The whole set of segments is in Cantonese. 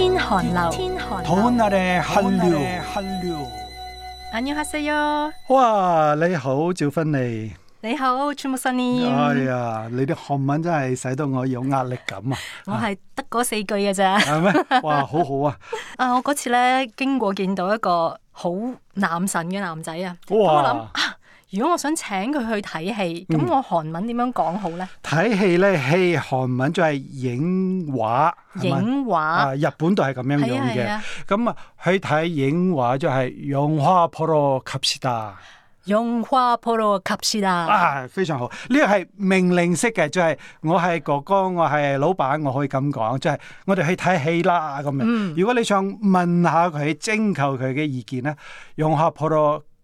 天寒流，天寒流，好啊你 Hello，Hello，我要黑色喲。哇，你好趙芬妮，你好，全部新年。哎呀，你啲韓文真係使到我有壓力感啊！我係得嗰四句嘅咋？係咩？哇，好好啊！啊，我嗰次咧經過見到一個好男神嘅男仔啊，咁我諗啊。如果我想請佢去睇戲，咁我韓文點樣講好咧？睇、嗯、戲咧，戲韓文就係影畫。影畫、啊，日本都係咁樣樣嘅。咁啊，啊嗯、去睇影畫就係用花普羅卡斯達。用花普羅卡斯達啊，非常好。呢個係命令式嘅，就係、是、我係哥哥，我係老闆，我可以咁講，就係、是、我哋去睇戲啦咁樣。嗯、如果你想問下佢，徵求佢嘅意見咧，用花普羅。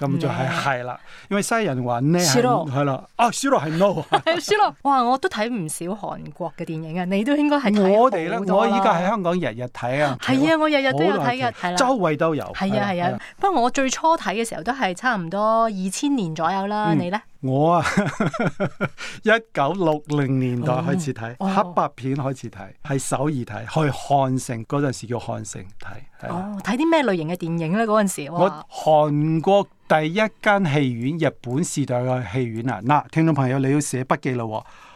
咁就係係啦，因為西人揾咧係啦，啊露，小羅係 no，小羅哇，我都睇唔少韓國嘅電影嘅，你都應該係睇，我哋咧，我依家喺香港日日睇啊，係啊， 我日日都有睇嘅，係啦， 周圍都有。係啊係啊，不過我最初睇嘅時候都係差唔多二千年左右啦， 你咧？我啊，一九六零年代開始睇，oh, oh, oh, oh. 黑白片，開始睇係首爾睇。去漢城嗰陣時叫漢城睇。哦，睇啲咩類型嘅電影呢？嗰陣時我韓國第一間戲院，日本時代嘅戲院啊！嗱，聽眾朋友你要寫筆記啦，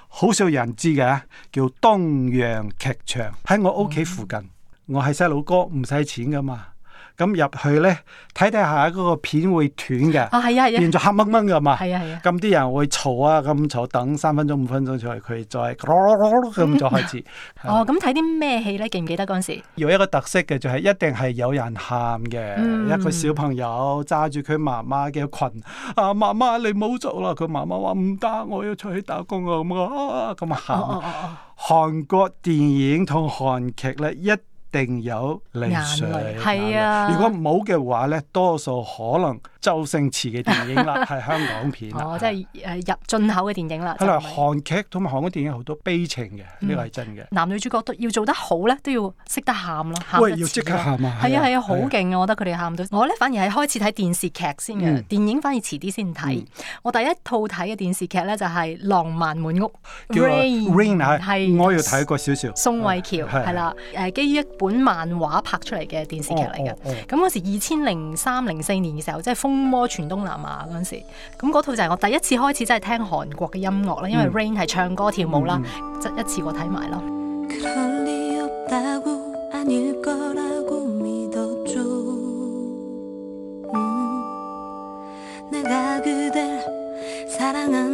好少人知嘅，叫東洋劇場。喺我屋企附近。Oh, oh. 我係細佬哥，唔使錢噶嘛。咁入去咧，睇睇下嗰個片會斷嘅，啊，啊，變咗黑掹掹嘅嘛。啊，咁啲人會嘈啊，咁坐等三分鐘、五分鐘，再佢再咁就開始。哦，咁睇啲咩戲咧？記唔記得嗰陣時？有一個特色嘅就係一定係有人喊嘅，一個小朋友揸住佢媽媽嘅裙，啊媽媽你冇做啦！佢媽媽話唔得，我要出去打工啊咁啊咁喊。韓國電影同韓劇咧一定有淚水，如果冇嘅話咧，多數可能。周星馳嘅電影啦，係香港片。哦，即係誒入進口嘅電影啦。佢哋韓劇同埋韓國電影好多悲情嘅，呢個係真嘅。男女主角都要做得好咧，都要識得喊咯。喂，要即刻喊啊！係啊係啊，好勁啊！我覺得佢哋喊到我咧，反而係開始睇電視劇先嘅，電影反而遲啲先睇。我第一套睇嘅電視劇咧就係《浪漫滿屋》，叫 Rain 係，我要睇過少少。宋慧喬係啦，誒基於一本漫畫拍出嚟嘅電視劇嚟嘅。咁嗰時二千零三零四年嘅時候，即係魔全東，東南亞嗰陣時，咁嗰套就係我第一次開始真係聽韓國嘅音樂啦，因為 Rain 係唱歌跳舞啦，即、嗯、一次過睇埋咯。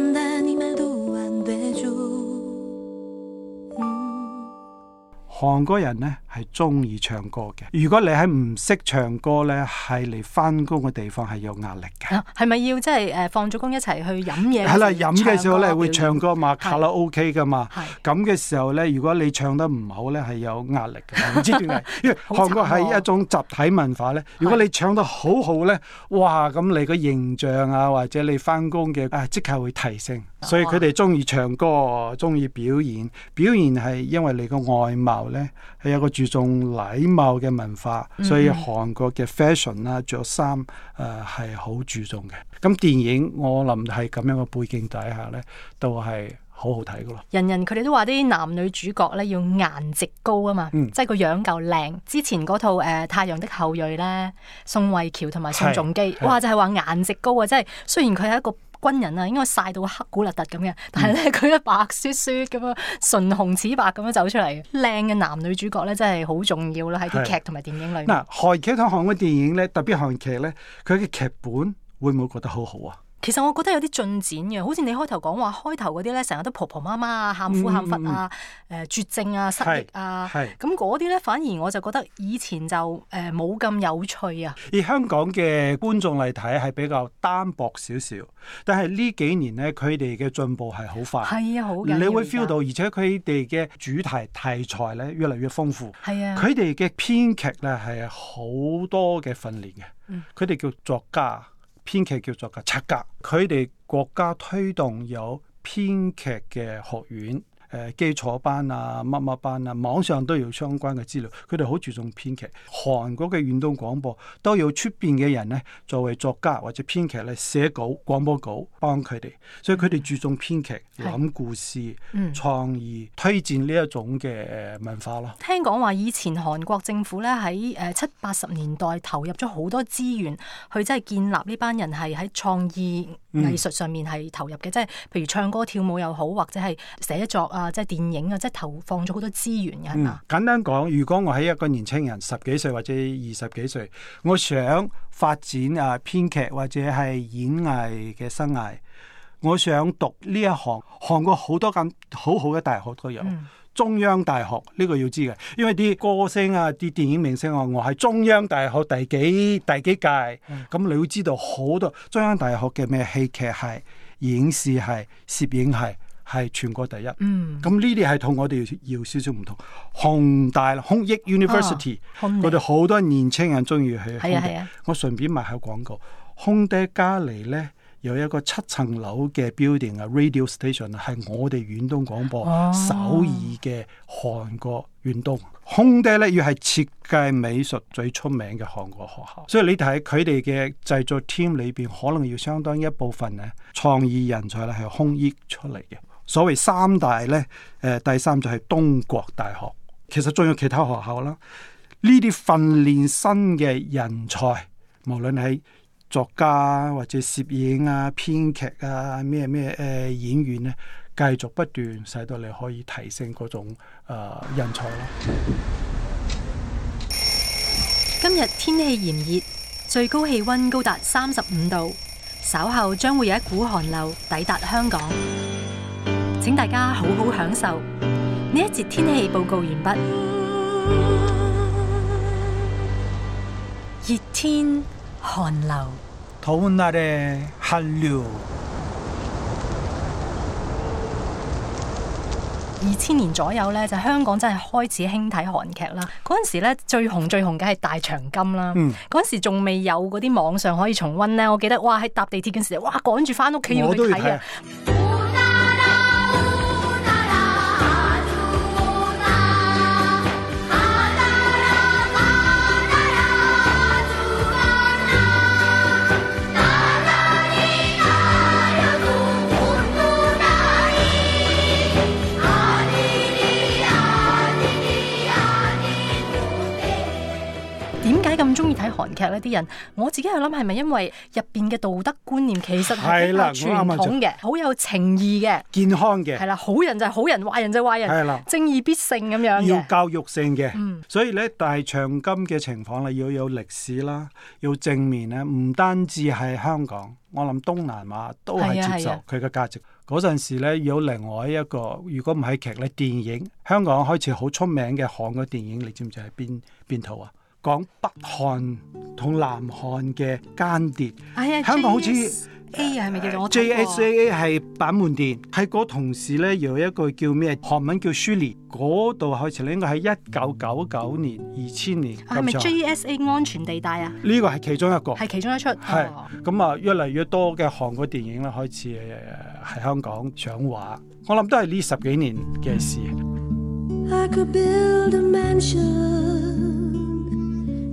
韓國人咧係中意唱歌嘅。如果你喺唔識唱歌咧，係嚟返工嘅地方係有壓力嘅。係咪、啊、要即係誒放咗工一齊去飲嘢？係啦，飲嘅時候咧會唱歌嘛，卡拉 OK 㗎嘛。係的。咁嘅時候咧，如果你唱得唔好咧，係有壓力嘅。唔的知點解。因為韓國係一種集體文化咧。 啊、如果你唱得好好咧，哇！咁你個形象啊，或者你返工嘅啊，即刻會提升。所以佢哋中意唱歌，中意表演。表演係因為你個外貌呢，係有一個注重禮貌嘅文化。所以韓國嘅 fashion 啦，着衫誒係好注重嘅。咁電影我諗係咁樣嘅背景底下呢都係好好睇噶咯。人人佢哋都話啲男女主角呢要顏值高啊嘛，嗯、即係個樣夠靚。之前嗰套誒、呃《太陽的後裔》呢，宋慧喬同埋宋仲基，哇就係、是、話顏值高啊！即係雖然佢係一個軍人啊，應該曬到黑古粒突咁嘅，但係咧佢都白雪雪咁樣，唇紅齒白咁樣走出嚟，靚嘅男女主角咧真係好重要啦，喺啲劇同埋電影裏邊。嗱，韓劇同韓國電影咧，特別韓劇咧，佢嘅劇本會唔會覺得好好啊？其實我覺得有啲進展嘅，好似你開頭講話，開頭嗰啲咧成日都婆婆媽媽啊、喊苦喊佛啊、誒、嗯呃、絕症啊、失憶啊，咁嗰啲咧反而我就覺得以前就誒冇咁有趣啊。而香港嘅觀眾嚟睇係比較單薄少少，但係呢幾年咧佢哋嘅進步係好快，係啊，好緊要，你會 feel 到，在而且佢哋嘅主題題材咧越嚟越豐富，係啊，佢哋嘅編劇咧係好多嘅訓練嘅，佢哋叫作家。編劇叫做嘅策格，佢哋國家推動有編劇嘅學院。誒基礎班啊，乜乜班啊，網上都有相關嘅資料。佢哋好注重編劇。韓國嘅遠東廣播都有出面嘅人呢，作為作家或者編劇呢，寫稿、廣播稿，幫佢哋。所以佢哋注重編劇、諗故事、嗯、創意、推薦呢一種嘅文化咯。聽講話以前韓國政府呢，喺誒七八十年代投入咗好多資源，去即係建立呢班人係喺創意。藝術上面係投入嘅，即係譬如唱歌跳舞又好，或者係寫作啊，即係電影啊，即係投放咗好多資源嘅人啊。簡單講，如果我係一個年青人十幾歲或者二十幾歲，我想發展啊編劇或者係演藝嘅生涯，我想讀呢一行，韓國好多間好好嘅大學都有。嗯中央大學呢、呢個要知嘅，因為啲歌星啊、啲電影明星啊，我係中央大學第幾第幾屆，咁、嗯、你會知道好多中央大學嘅咩戲劇系、影視系、攝影系係全國第一。咁呢啲係同我哋要，要，要少少唔同。弘大啦，弘益 University、啊、我哋好多年青人中意去弘大。啊啊、我順便賣下廣告，空爹咖喱咧。有一個七層樓嘅 building 啊，radio station 啊，係我哋遠東廣播首爾嘅韓國遠東、oh. 弘大呢要係設計美術最出名嘅韓國學校，所以你睇佢哋嘅製作 team 裏邊，可能要相當一部分呢創意人才咧係弘益出嚟嘅。所謂三大呢，誒，第三就係東國大學，其實仲有其他學校啦。呢啲訓練新嘅人才，無論係作家或者攝影啊、編劇啊、咩咩誒演員呢，繼續不斷，使到你可以提升嗰種誒、呃、人才咯。今日天氣炎熱，最高氣温高達三十五度，稍後將會有一股寒流抵達香港，請大家好好享受，呢一節天氣報告完畢。熱天。寒流，凍天日嘅韓流，二千年左右呢，就是、香港真係開始興睇韓劇啦。嗰陣時呢，最紅最紅嘅係《大長今》啦、嗯。嗰陣時仲未有嗰啲網上可以重温呢。我記得哇喺搭地鐵嘅時候，哇趕住返屋企要去睇啊。喺韓劇呢啲人，我自己又諗係咪因為入邊嘅道德觀念其實係比較傳統嘅，就是、好有情義嘅，健康嘅，係啦，好人就係好人，壞人就係壞人，係啦的，正義必勝咁樣嘅，要教育性嘅，嗯、所以咧，但係大長今嘅情況啦，要有歷史啦，要正面咧，唔單止係香港，我諗東南亞都係接受佢嘅價值。嗰陣時咧有另外一個，如果唔係劇咧，電影香港開始好出名嘅韓國電影，你知唔知係邊邊套啊？講北韓同南韓嘅間諜， 哎、呀香港好似 A 啊，係咪、哎、叫做 JSA 啊係板門店，喺嗰同時咧，有一個叫咩韓文叫 s 書列，嗰度開始咧，應該喺一九九九年、二千年，係咪？JSA 安全地帶啊？呢個係其中一個，係其中一出。係咁啊，越嚟越多嘅韓國電影咧，開始喺香港上畫，我諗都係呢十幾年嘅事。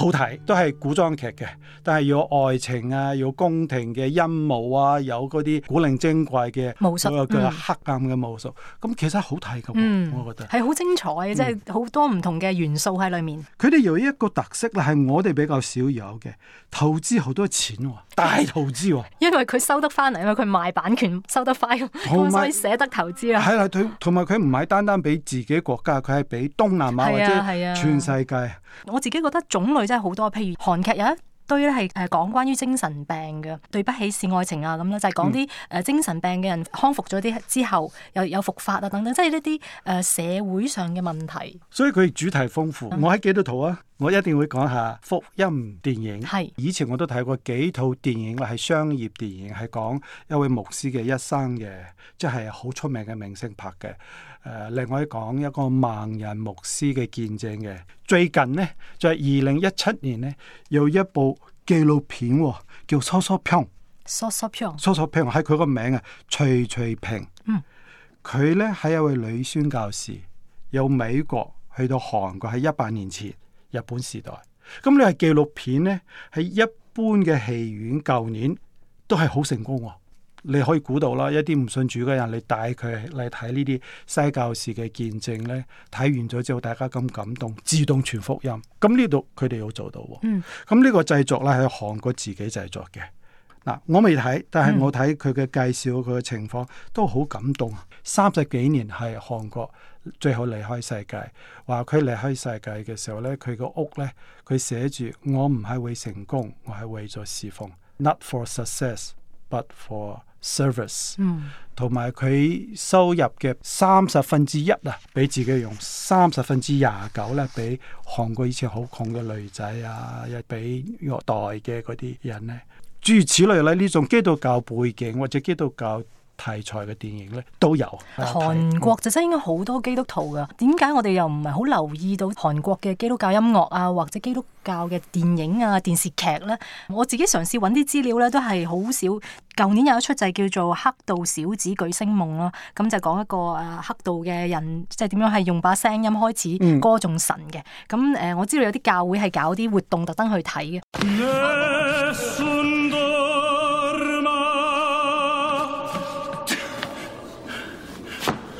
好睇，都係古裝劇嘅，但係有愛情啊，有宮廷嘅陰謀啊，有嗰啲古靈精怪嘅，嗰個式叫黑暗嘅元素。咁、嗯、其實好睇噶、啊，嗯、我覺得係好精彩嘅，嗯、即係好多唔同嘅元素喺裏面。佢哋有一個特色咧，係我哋比較少有嘅，投資好多錢喎、啊，大投資喎、啊。因為佢收得翻嚟因為，佢賣版權收得翻、啊，咁所以捨得投資啦。係啊，佢同埋佢唔係單單俾自己國家，佢係俾東南亞或者全世界。我自己覺得種類。即係好多，譬如韓劇有一堆咧係誒講關於精神病嘅，對不起是愛情啊咁啦，樣，就係講啲誒精神病嘅人、嗯、康復咗啲之後又有復發啊等等，即係呢啲誒社會上嘅問題。所以佢主題豐富。嗯、我喺幾多套啊？我一定會講下福音電影。係是以前我都睇過幾套電影啦，係商業電影，係講一位牧師嘅一生嘅，即係好出名嘅明星拍嘅。誒、呃，另外講一,一個盲人牧師嘅見證嘅。最近呢，就係二零一七年呢，有一部紀錄片喎、哦，叫《蘇蘇平》。蘇蘇平，蘇蘇平，係佢個名啊。徐徐平。佢、嗯、呢係一位女宣教士，由美國去到韓國，喺一百年前日本時代。咁呢個紀錄片呢，喺一般嘅戲院，舊年都係好成功啊、哦。你可以估到啦，一啲唔信主嘅人，你帶佢嚟睇呢啲西教士嘅見證咧，睇完咗之後，大家咁感動，自動傳福音。咁呢度佢哋要做到。嗯，咁呢個製作咧係韓國自己製作嘅。嗱，我未睇，但係我睇佢嘅介紹，佢嘅情況都好感動。三十幾年係韓國最後離開世界，話佢離開世界嘅時候咧，佢個屋咧，佢寫住：我唔係為成功，我係為咗侍奉。Not for success, but for service，同埋佢收入嘅三十分之一啊，俾自己用，三十分之廿九咧，俾韓國以前好窮嘅女仔啊，又俾虐待嘅嗰啲人呢。諸如此類咧，呢種基督教背景或者基督教題材嘅電影咧都有，韓國就真應該好多基督徒噶。點解我哋又唔係好留意到韓國嘅基督教音樂啊，或者基督教嘅電影啊、電視劇咧？我自己嘗試揾啲資料咧，都係好少。舊年有一出就係叫做《黑道小子巨星夢》咯，咁就講一個誒黑道嘅人，即係點樣係用把聲音開始歌頌神嘅。咁誒，我知道有啲教會係搞啲活動，特登去睇嘅。啊